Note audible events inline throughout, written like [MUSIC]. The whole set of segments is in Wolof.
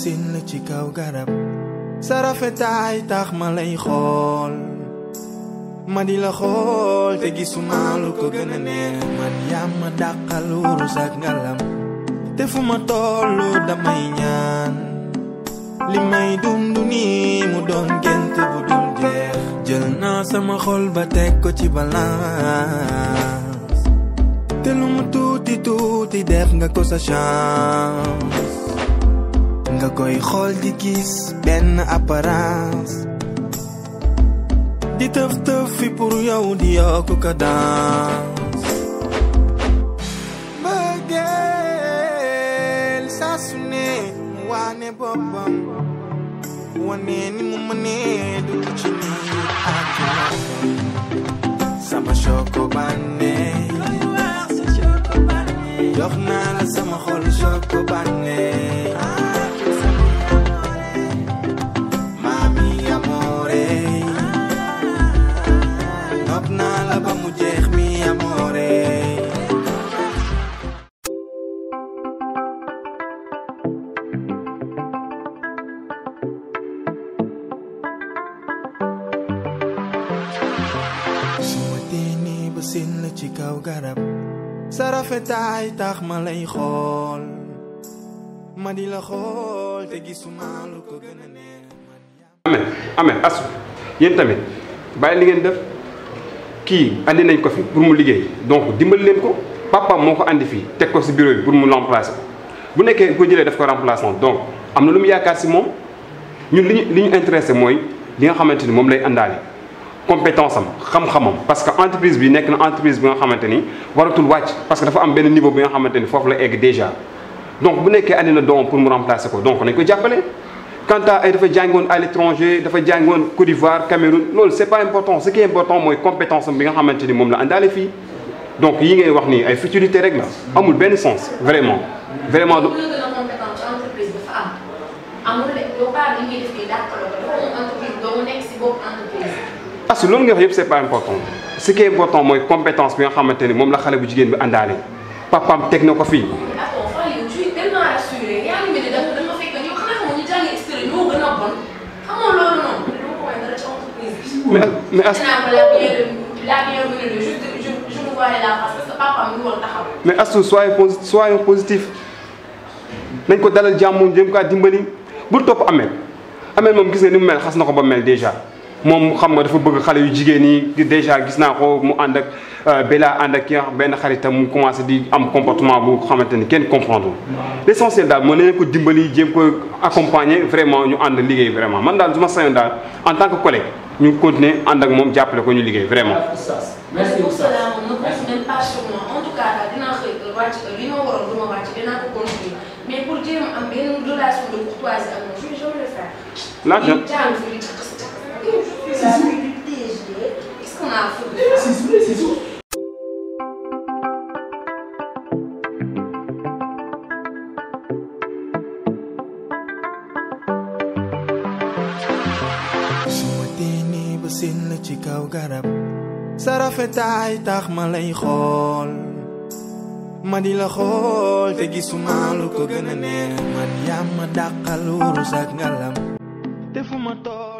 sin la ci kaw garab sa rafetaay tax ma lay xool ma di la xool te gisuma lu ko gën a neex man yaa ma dàqal wurus ak te fu ma tollu damay ñaan li may dund nii mu doon gént bu dul jël naa sama xol ba teg ko ci balance te lu mu tuuti tuuti def nga ko sa chance nga koy xool di gis benn apparence di tëf tëf fi pour yow di yokk ka bëggeel saa su waane boppam wane mu mënee du ci ni ak sama choco banne jox naa sama xol choco banne ma di la xool te gisuma lu ko gën a neex tamit bàyyi li ngeen def kii andi nañ ko fi pour mu liggéey donc dimbali leen ko papa moo ko indi fii teg ko si bureau bi pour mu remplacer ko bu nekkee ko jëlee daf ko remplacer donc am na lu mu yaakaar si moom ñun li ñu li ñu intéressé mooy li nga xamante ni moom lay àndaale compétence am xam-xamam parce que entreprise bi nekk na entreprise bi nga xamante ni waratul wàcc parce que dafa am benn niveau bi nga xamante ni foofu la egg déjà donc bu nekkee andi na doom pour mu remplacer ko donc nañ ko jàppale. quant à ay dafa jàngoon à dafa jàngoon Côte d'Ivoire Cameroun loolu c'est pas important ce qui mooy compétence am bi xamante ni moom la donc yi ngay wax nii ay futilité rek la amul benn sens vraiment. vraiment du. parce que ah, loolu nga wax yëpp c'est pas important ce important mooy compétence bi nga xamante ni moom la xale bu jigéen bi àndaale papaam teg na ko fii. mais mais as. mais Astou soyez soyez positif nañ ko dalal jàmm moom jëm kaa dimbali bu topp Amel Amel moom gis nga ni mu mel xas na ko ba mel déjà moom xam nga dafa bëgg xale yu jigéen yi déjà gis naa ko mu ànd ak euh, Bella ànd ak ki benn xaritam mu commencé di am comportement bu xamante ni kenn comprendre l' mm. essentiel daal moo nañ ko dimbali jéem ko accompagner vraiment ñu ànd liggéey vraiment man daal su ma sañoon daal en tant que collègue. ñu continuer ànd ak moom jàppale ko ñu liggéey vraiment. merci beaucoup salaam ne compte même pas sur moi en tout cas daal dinaa xëy wàcc li ma waroon du ma wàcc dinaa ko continuer mais pour jéem a am benn relation de courtoisie ak moom je vais le faire. laaj na li est-ce qu'on a kaw garab sa rafetaay tax ma lay xool ma di la xool te gisuma lu ko gën a neex ma dàqal wurus ak ngalam te fu ma toog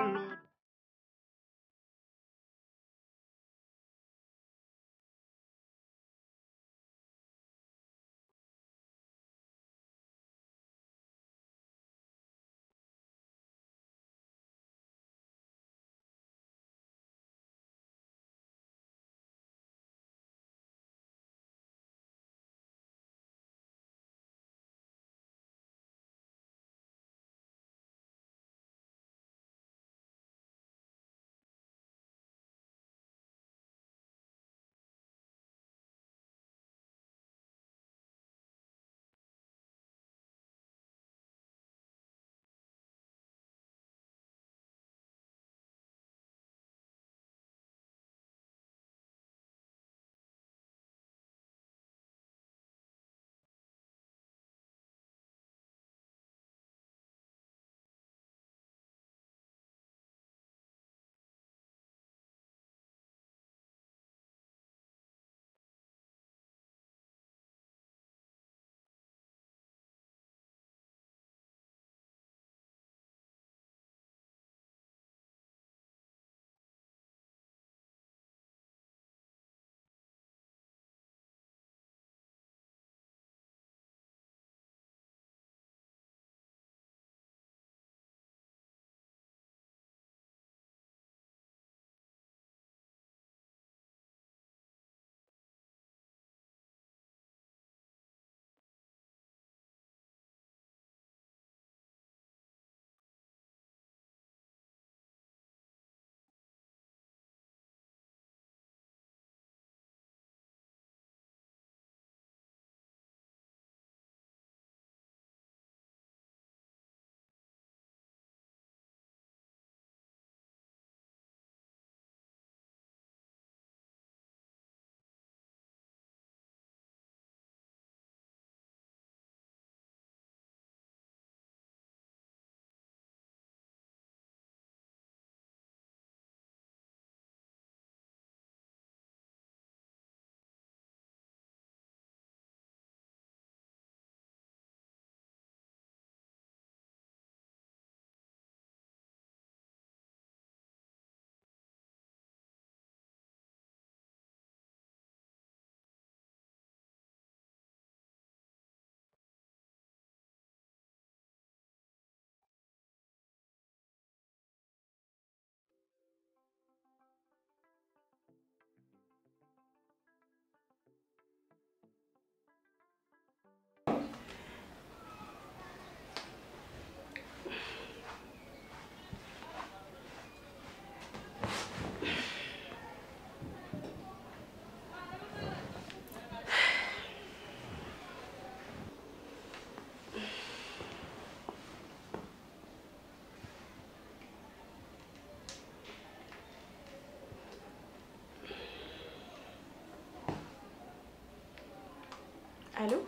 Allô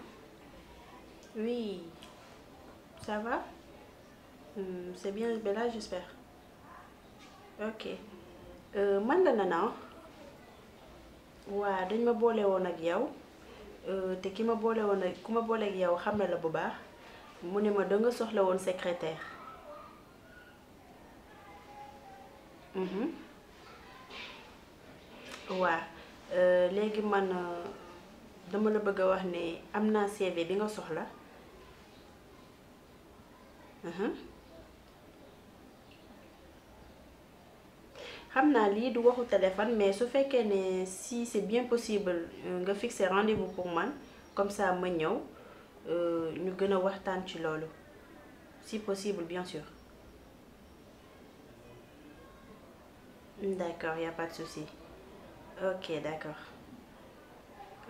Oui, ça va hmm, C'est bien Bella, j'espère. ok euh, man la Nana waa dañ ma boole woon ak yow euh, te ki ma boole woon ak ku ma boole ak yow xam na la bu baax mu ne ma da nga soxla woon secrétaire. Mhm. waa euh, léegi man. dama la bëgg a wax ni am na CV bi nga soxla xam naa lii du waxu téléphone mais su fekkee ne si c'est bien possible euh, nga fixer rendez-vous pour man comme ça ma ñëw euh, ñu gën a waxtaan ci loolu si possible bien sûr d'accord y a ok d'accord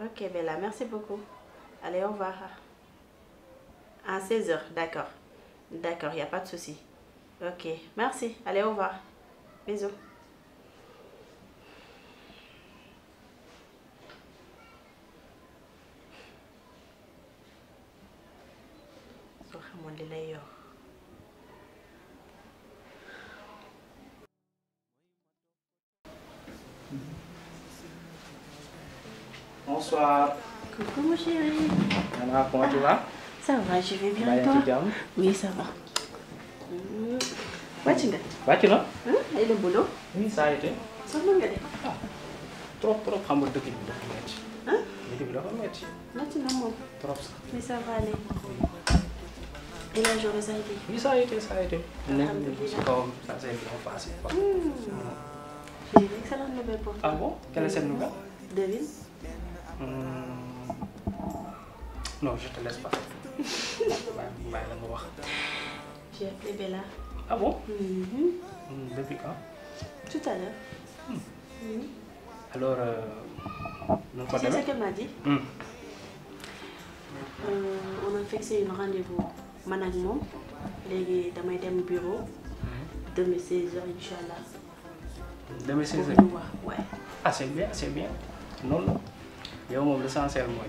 Ok, Bella, merci beaucoup. Allez, au revoir. À 16h, d'accord. D'accord, il a pas de souci. Ok, merci. Allez, au revoir. Bonsoir. Coucou mon chéri. Alors, comment ah, tu vas Ça va, je vais bien bah, et toi Oui, ça va. Euh. wàcc nga. Ah, trop trop xam nga dëkk bi dafa métti. ah dëkk bi dafa métti. métti na moom. trop sax. mais ça va aller. et la journée ça a été. oui ça a été ça a été. alhamdulilah si kawam hmm. Hmm. nouvelle pour toi. Ah bon quelle est cette Mm. non je te laisse pas [LAUGHS] bàyyi la ma wax. j'ai appelé Bella. ah bon. depuis mm-hmm. quand. Mm, ah. tout à l'heure. Mm. alors. nu ko demee c'est ce qu'elle m'a dit. Euh, on a fixé une rendez-vous man damay dem bureau. demain 16h inch'Allah. demain 16h waaw waaw. ah c'est bien c'est yow moom l'essentiel mooy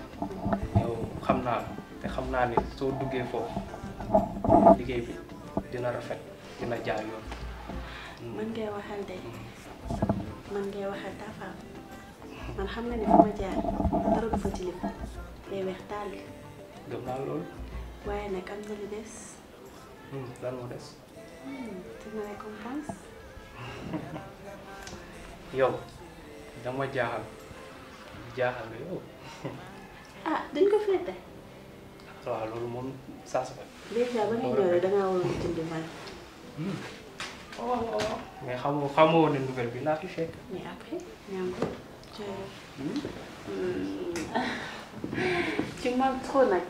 yow xam naa te xam naa ne soo duggee foofu liggéey bi dina rafet dina jaar yoon. mën ngay waxal de mën ngay waxal Tafa man xam nga ne fu ma jaar dara du fa tilim day weex tàll. gëm naa loolu. waaye nag am na lu des. Hmm, lan moo des. dina hmm, récompense. [LAUGHS] yow dama jaaxal. jaaxal nga yow. ah dañ ko féete. waaw loolu moom saa su fekk. déjà ba ngay ñëwee da man. waaw waaw mais xamoo xamoo ne nouvelle bi laa fi fekk. ci hmm? hmm. [LAUGHS] man trop nag.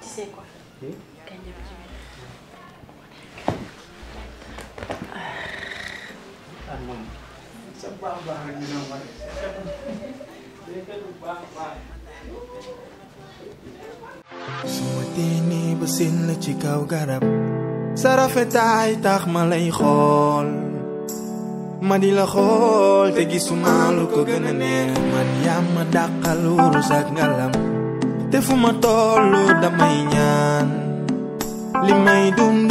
tu sais baax a baax su ma teeni ba seen la ci kaw garab. sa rafetaay tax ma lay xool. ma di la xool te gisuma lu ko gën a neex. man ma dàqal wurus ak ngalam. te fu ma tollu damay ñaan. li may dund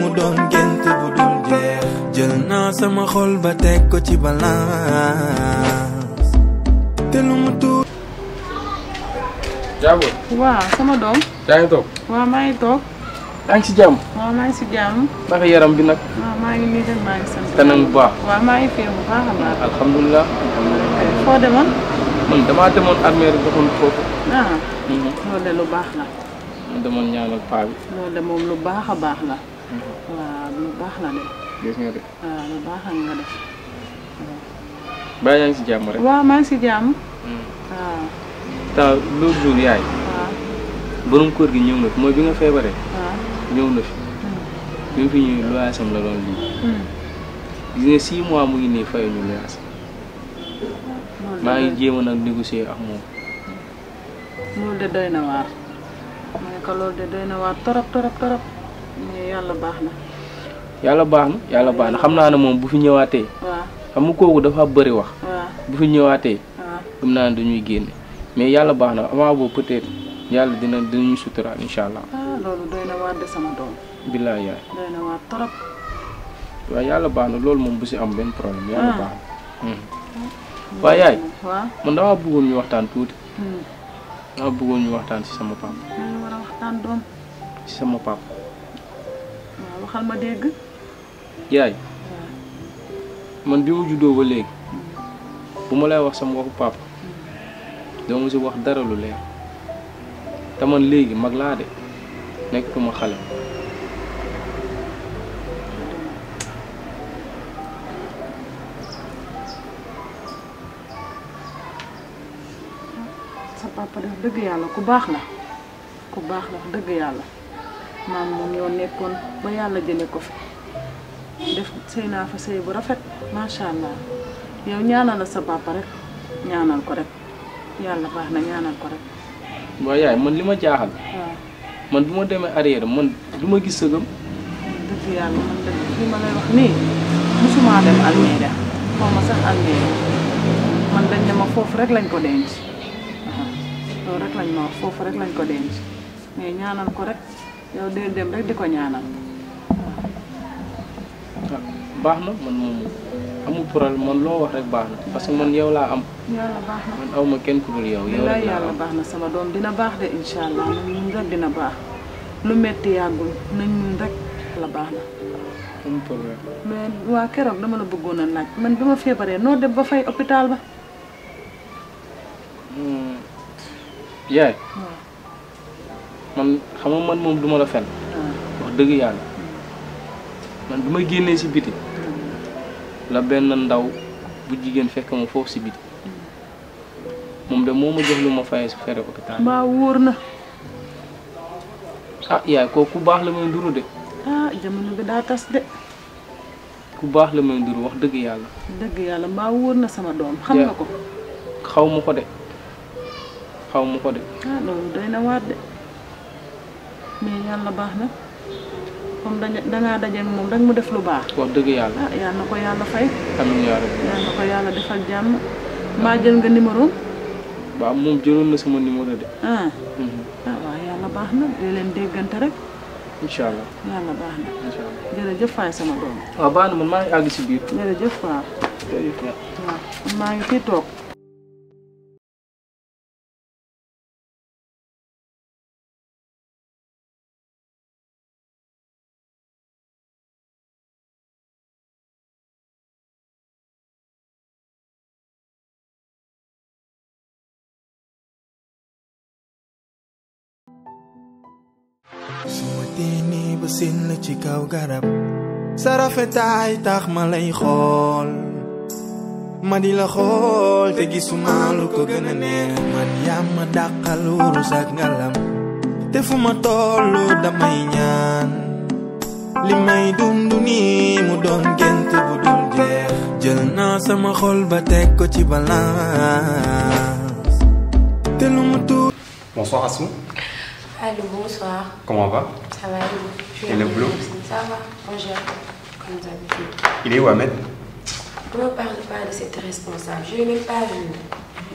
mu doon gént bu dul jël naa sama xol ba teg ko ci balance te lu mu tuut. jaabo. waaw sama doom. yaa toog. waaw maa ngi toog. yaa ngi si jàmm. waaw maa ngi si jàmm. ndax yaram bi nag. waaw maa ngi nii rek maa ngi sant. kanam bu baax. waaw maa ngi fee bu baax a baax. alhamdulilah. foo demoon. man damaa demoon armée rek doxoon foofu. Ah. Mhm. loolu de lu baax la. ma demoon ñaanal paa bi. loolu de moom lu baax a baax la. Mhm. waaw lu baax la de. gis nga de. waaw lu baax nga def. mbaa maa ngi si jàmm. Hmm. kër gi ñëw na mooy bi nga feebaree. waaw ñëw na hmm. la doon hmm. nga six mois mu ngi nii ngi jéem a de doy na waar. mooy baax na. yàlla baax na yàlla baax na xam naa ne moom bu fi ñëwaatee. xam nga kooku dafa bari wax. bu fi ñëwaatee. gëm naa ne dañuy génne mais yàlla baax na avant boobu peut-être yàlla dina dinañu suturaal incha allah. ah loolu doy na waar de sama doom. billaay yaay. doy yàlla baax na loolu moom bu si am benn problème. yàlla ah. baax na. Hmm. Hmm. waaw yaay. man dama bëggoon ñu waxtaan tuuti. Hmm. dama bëggoon ñu waxtaan si sama papa. war sama papa. waxal ma dégg. yaay man bi mu juddoo ba léegi bu ma lay wax sama waxu papa doo ma si wax dara lu leer te man léegi mag laa de nekkatuma xale. sa papa daf dëgg yàlla ku baax la ku baax la dëgg yàlla maam moom yow nekkoon ba yàlla jëlee ko fi. def sëy naa fa sëy bu rafet macha allah yow ñaanal la sa papa rek ñaanal ko rek yàlla baax na ñaanal ko rek. waaw yaay man li ma jaaxal. man bu ma demee arrière man du ma gis sëgam. dëgg yàlla man dañ ne ma foofu rek lañ ko denc loolu rek lañ ma wax foofu rek lañ ko denc mais ñaanal ko rek yow dee dem rek di ko ñaanal. baax na man moom amul problème man loo wax rek baax na parce que man yow laa am. yàlla man aw ma kenn ku dul yow. yow yàlla baax na sama doom dina baax de incha allah ñun rek dina baax lu metti yàggul nañ ñun rek la baax na. la bëggoon a laaj man bi ma feebaree noo dem ba fay hôpital ba. Hmm. yaay. man xam man moom duma la fen ah. wax dëgg yàlla hmm. man bi ma génnee si biti. la benn ndaw bu jigéen fekk ma foofu si biti moom de moo ma jox lu ma fayee si fere hôpital mbaa wóor na ah yaay kooku ku baax la may nduru de ah jamono bi daa tas de ku baax la may nduru wax dëgg yàlla dëgg yàlla mbaa wóor na sama doom xam nga ko xaw ma ko de xaw ma ko de ah loolu doy na waat de mais yàlla baax na comme dañu danaa daje moom da nga ma def lu baax. wax dëgg yàlla ah ko yàlla fay. amiin yaa rabbi yal yàlla defal jàmm. maa jël nga numéro. waaw moom jëloon na sama numéro de. Ah. Mhm. ah. waaw yàlla baax na di leen déggante rek. incha allah yàlla baax na. incha allah jërëjëf Faye sama doom. waaw baax na man maa ngi àgg si biir. jërëjëf waaw. jërëjëf maa ngi fii toog. teeni ba seen ci kaw garab sa tax ma lay xool ma di la te gisuma lu ko gën a neex man yaa ma dàqal wurus ak ngalam te fu ma tollu damay ñaan li may dund mu doon gént bu dul jël naa sama xol ba teg ko ci balance te lu mu tuut bonsoir Astou Allô, bonsoir. Comment on va Ça va, je Et le boulot Ça va, on gère, comme d'habitude. Il est où, Ahmed Ne me parle pas de cet responsable, je ne l'ai même pas vu.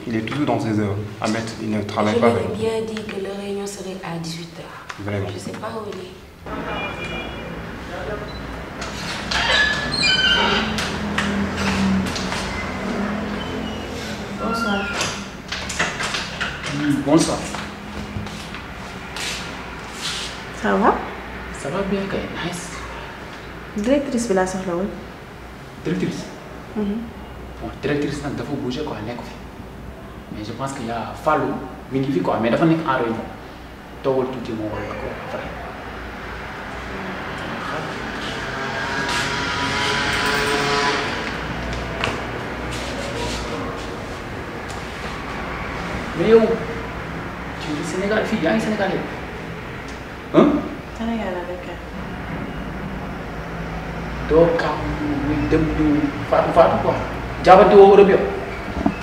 Il est toujours dans ses heures. Ahmed, il ne travaille je pas. Je bien dit que la réunion serait à 18h. Vraiment Je ne sais pas où il est. Bonsoir. Mmh, bonsoir. ça va. ça va bien directrice bi laa soxla woon. directrice. Mhm. bon directrice nag dafa bougé quoi nekk fi mais je pense que yaa Fallou mi ngi fi quoi mais dafa nekk en réunion toogal tuuti moo waral ko après. mais yow ci Sénégal fii yaa ngi Sénégal yow. doo kam muy dem ñu faatu faatu quoi jaabante woo Europe yow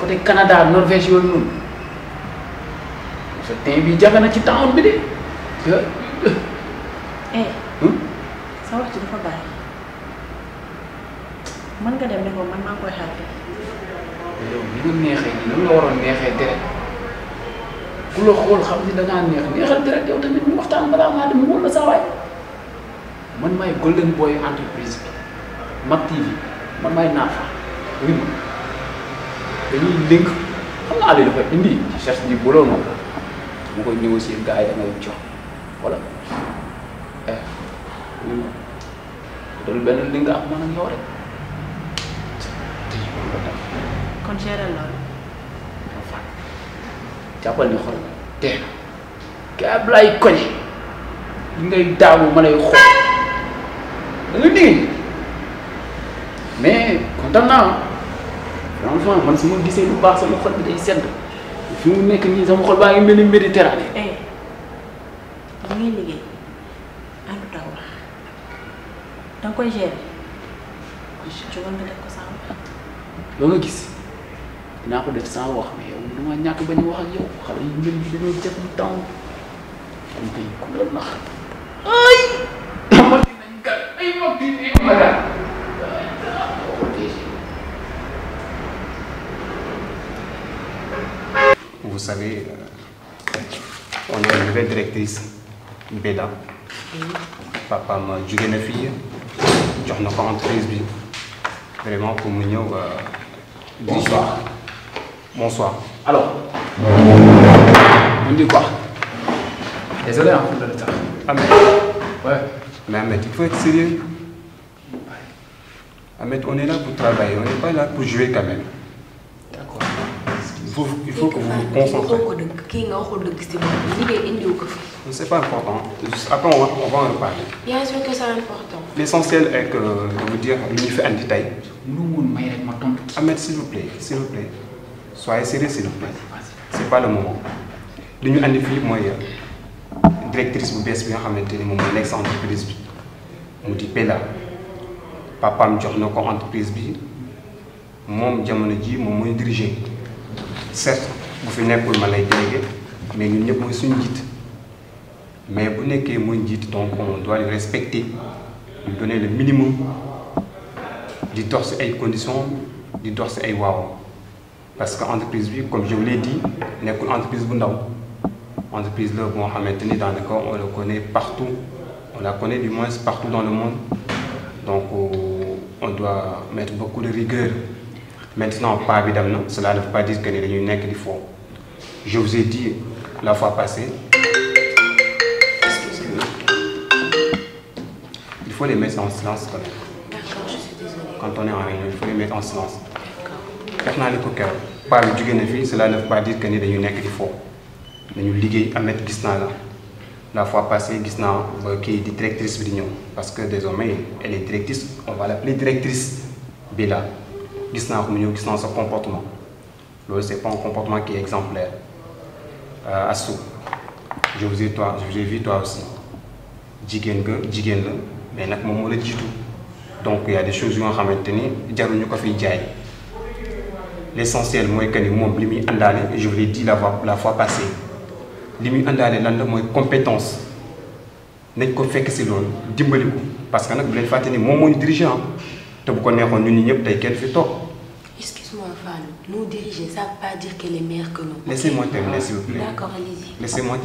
côté Canada Norvège yooyu noonu sa temps bi jafe na ci temps bi de. Eh, hmm? sa wax ci dafa bari mën nga dem ne ko man maa ngi koy xaar yow ni nga neexee nii nan la waroon neexee deret ku la xool xam ni da neex neexal deret yow tamit ñu waxtaan balaa ngaa dem wóor la saa waay man maay golden boy entreprise bi. Mak TV man maay naafa wii ma dañuy link xam nga àll dafa indi ci cherche bi bu loolu noonu mu koy négocier gars yi da ngay wala eh wii ma loolu benn link ak man ak yow rek kon gérer loolu. dafa fànn koñe li ngay daawu ma lay xool da nga dégg. mais kontaan naa franchement man su ma gisee lu baax sama xol bi day sedd fi mu nekk nii sama xol baa ni Méditerranée. eh da nga koy gérer. gis dinaa ko def sans wax mais yow dama ñàkk bañ wax ak yow xale yu mel ni dañoo jëf mu taw kon tey ku la nax ay. Vous savez, euh, on a une nouvelle directrice Beda papaam jóge na fii jox na ko entreprise bi vraiment pour mu ñëw. Euh, bonsoir bonsoir. alors. on dit quoi. désolé hein pour le retard. Ahmed. ouais. mais Ahmed Ahmed, on est là pour travailler, on n'est pas là pour jouer quand même. D'accord. il faut que vous vous concentrez. C'est pas important. Après, on va, on va en reparler. Bien sûr que c'est important. L'essentiel est que de euh, vous dire il fait un détail. Ahmed, s'il vous plaît, s'il vous plaît. Soyez sérieux, s'il vous plaît. C'est pas le moment. li ñu andi fii mooy euh, directrice bu bees bi nga xamante ni moom mooy nekk sa entreprise bi mu di Pella papaam jox na ko entreprise bi moom jamono ji moom mooy diriger certes bu fi nekkul ma lay délégué mais ñun ñëpp mooy suñu njiit mais bu nekkee mooy jiit donc on doit le respecter lui donner le minimum di dox si ay conditions di dox si ay waaw parce que entreprise bi comme je vous l'ai nekkul entreprise bu ndaw entreprise la boo xamante ni daanaka on la connaît partout on la connaît du moins partout dans le monde donc. Euh, on doit mettre beaucoup de rigueur maintenant pas bi dem na cela ne veut pas dire que ni dañuy nekk di fo je vous la fois passée excusez-moi il faut les mettre en silence quand même. D'accord, je on est en réunion il faut les mettre en silence. def naa li ko ker pas bi jóge na fii cela ne veut pas dire que ni dañuy nekk di fo dañu liggéey amet gis naa la. la fois passée gis naa euh, kii di bi di ñëw parce que désormais elle e directrice on va l'appeler directrice Bila gis naa ko mu ñëw gis naa sa comportement loolu c'est pas un comportement qui est exemplaire euh, Assou je vous ai toi aussi jigéen nga jigéen la mais nag moom moo la jiitu donc il y a des choses yu nga xamante ni jaruñu ko fiy jaay l'essentiel mooy que ni moom li muy àndaale je vous l'ai dit la fois la fois li muy àndaale lan la mooy compétence nañ ko fekk si loolu dimbali ko parce que nag bu leen fàtte ni moom moo ñu dirigeant te bu ko neexoon ñun ñi ñëpp tey kenn fi toog. excuse-moi Fallou nous diriger ça veut pas dire qu'elle est meilleure que nous. laissez-moi terminer ko neexoon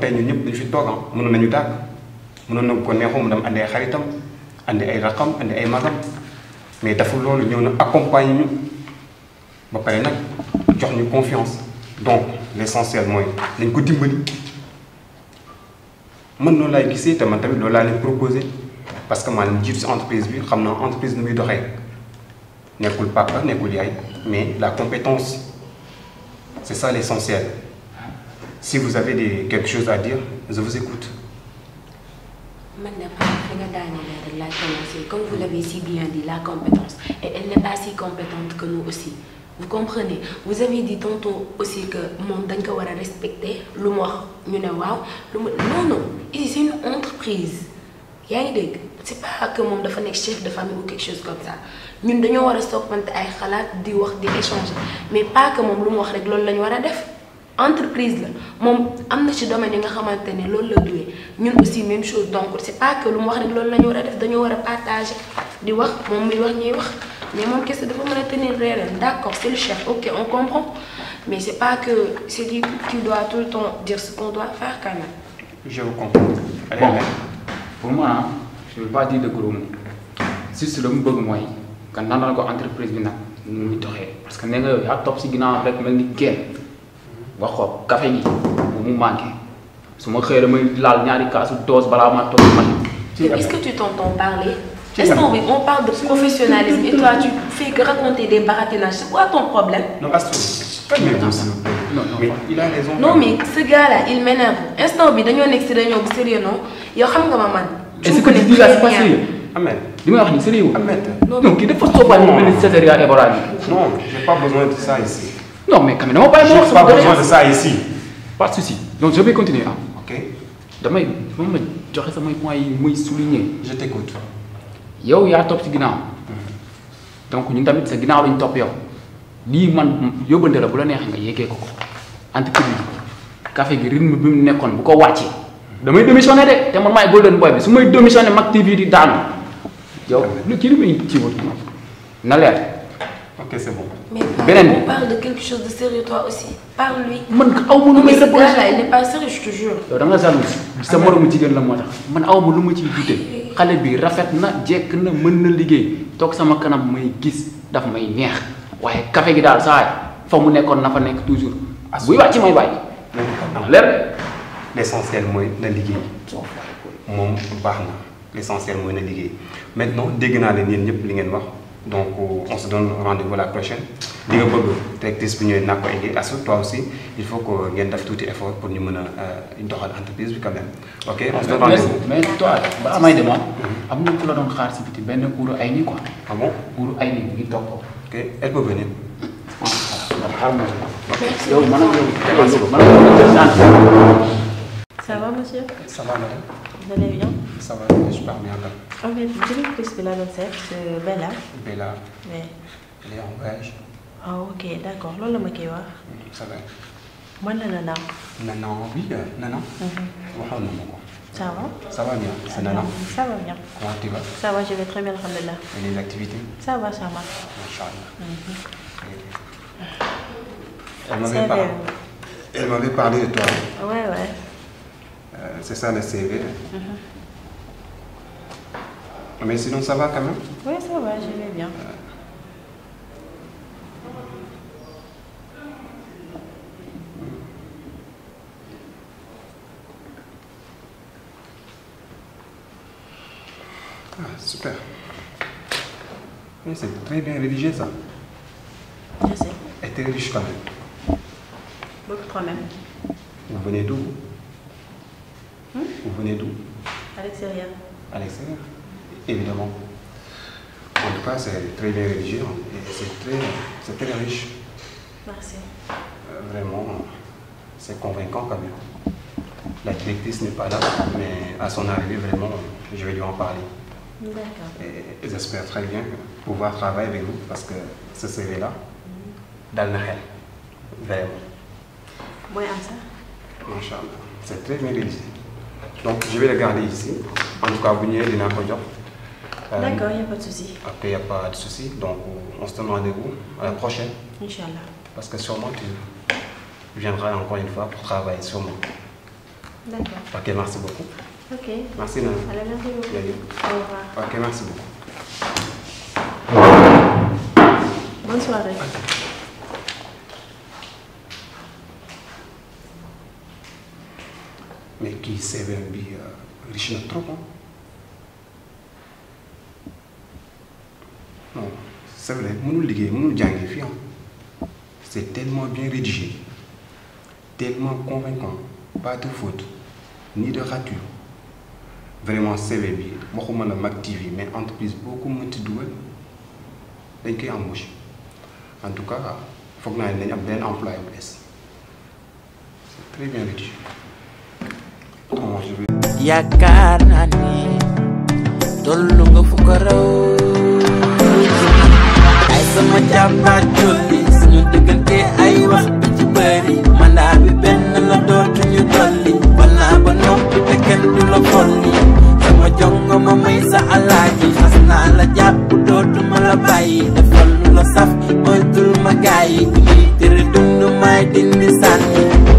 tey ñëpp dañu fi toogam ah mënoon nañu dàq mënoon na bu ko neexoon mu dem andi ay xaritam andi ay raqam andi ay magam. mais dafa loolu ñëw na accompagne ñu ba pare nag jox ñu confiance donc l'essentiel mooy nañ ko dimbali man noonu laay gisee taman man tamit loolu laa leen proposé parce que maa leen jiitu si entreprise bi xam naa entreprise nu muy doxee nekkul papa nekkul yaay mais la compétence c'est ça l'essentiel si vous avez des quelque chose à dire je vous écoute man de fi nga daanelee rek laay commencer comme vous l'avez si bien dit la compétence et elle n'est pas si compétente que nous aussi vous comprenez vous avez dit tantôt aussi que moom dañ ko war a respecter lu mu wax ñu ne waaw lu mu non non c'est une entreprise yaa ngi dégg c'est pas que moom dafa nekk chef de famille ou quelque chose comme ça ñun dañoo war a soppante ay xalaat di wax di échanger mais pas moom lu mu wax rek loolu la war a def. entreprise la moom am na ci domaine yi nga xamante ne loolu la duwee ñun aussi même chose donc c'est pas que lu mu wax rek loolu lañu war a def dañoo war a partager di wax moom muy wax ñuy wax mais moom kese dafa mën a tenir réeram d'accord c'est le chef ok on comprend mais c'est pas que c'est lui qui doit tout le temps dire ce qu'on doit faire quand même. je vous comprends. bon pour moi je ne pas dire de gros mots juste lu mu bëgg mooy que nan la ko entreprise bi nag nu muy doxee que nee nga yow yaa topp si nga xool café gi bu mu manqué su ma xëy damay laal ñaari kaasu dose balaa ma toog man. est-ce que tu t'entends parler. est-ce qu'on parle de professionnalisme et toi tu fais que raconter des baratinages c'est quoi ton problème. non Astou calmez-vous s'il vous plaît. non non mais il a raison. non mais ce gars-là il m'énerve instant bi dañoo nekk si réunion bu sérieux non yow xam nga ma man. est ce que tu dis là c'est pas sérieux. Ahmed li may wax nii sérieux. Ahmed non kii dafa soppal ñu mel ni Césaria Ebora bi. non j'ai pas besoin de ça ici. non mais quand même dama bàyyi ma wax. pas besoin de ça ici. damay moom ma joxe samay points yi muy souligner. je t'écoute. yow yaa topp ci ginnaaw. donc ñun tamit sa ginnaaw lañ topp yow lii man yóbbante la bu la neexee nga yéegee ko ko entreprise bi gi rythme bi mu nekkoon bu ko wàccee damay démissionné de te man maay golden boy bi su may démissionné Mak TV di daanu yow lu ci li may ci woon na leer. ok c'est bon. beneen bi man aw ma lu may rëbb. il n'est jigéen la moo man aw ma lu ma ciy duute xale bi rafet na jekk na mën na liggéey toog sama kanam may gis dafa may neex waaye café gi daal saa fa mu nekkoon na fa nekk toujours. buy wàcc may bàyyi. leer l'essentiel mooy na liggéey moom baax na l'essentiel mooy na liggéey maintenant dégg naa leen yéen ñëpp li ngeen wax. donc on se donne rendez-vous la prochaine li nga bëgg directrice bi ñooy naa ko indi asu toi aussi il faut que ngeen def tuuti effort pour ñu mën a doxal entreprise bi quand ok on se donne rendez mais toi ba amay demande am na ku doon xaar si biti benn kuuru ay ni quoi ah bon kuuru ay ni ngi toog ko ok elle peut venir yow mën a Ça va, monsieur Ça va, madame. Vous allez bien Ça va, je suis parmi madame. En fait, directrice de la recette, Bella. Bella. Oui. Elle est en voyage. Ah, ok, d'accord. Loolu la a koy wax. Mm, ça va. mën na Nana. Nana, oui, euh, Nana. Mm-hmm. waxoon na ma ko. Ça va Ça va Nana. Ça va bien. Comment je vais très bien, alhamdulillah. Et les activités Ça va, ça marche. Inch'Allah. Mm-hmm. Elle m'avait parlé. Elle m'avait parlé de toi. Ouais, ouais. Euh, c'est ça le CV. Hein. Ah, mais sinon, ça va quand même Oui, ça va, je vais bien. Ah, super. C'est très bien rédigé ça. Je sais. Et tu rédiges toi-même Beaucoup toi-même. Vous venez d'où À l'extérieur. À l'extérieur, évidemment. En tout cas, c'est très bien religieux et c'est très, très, riche. Merci. Euh, vraiment, c'est convaincant quand même. La directrice n'est pas là, mais à son arrivée, vraiment, je vais lui en parler. j'espère très bien pouvoir travailler avec vous parce que ce CV-là, dal na xel vraiment. mooy am allah c'est très bien réalisé. donc je vais le garder ici en tout cas bu ñëwee dinaa ko jox. Euh, d'accord y a y a pas de souci donc on se donne rendez-vous à la prochaine. inchallah parce que sûrement tu viendras encore une fois pour travailler sur moi. d'accord ok merci beaucoup. ok merci Nana. alors mais kii CVM bi riche na trop non c'est mënul liggéey mënul jàngee fii am c'est tellement bien rédigé tellement convaincant pas de faute ni de rature vraiment CV bi waxuma a Mak TV mais entreprise boo ko mënti dugal dañ koy embaucher en tout cas foog naa ne dañ am benn employé bu bees c'est très bien rédigé yaakaar naa ni tollu nga fu ko raw ay sama jàmbaar jolli suñu diggante ay wax bi ci bëri mandat bi benn la dootuñu dolli ban ba noppi te kenn du la folli sama jongo may sa alaaji xas naa la jàpp dootuma la bàyyi defal lu la saf mooy ma gaay yi li tëri dund may dindi sànni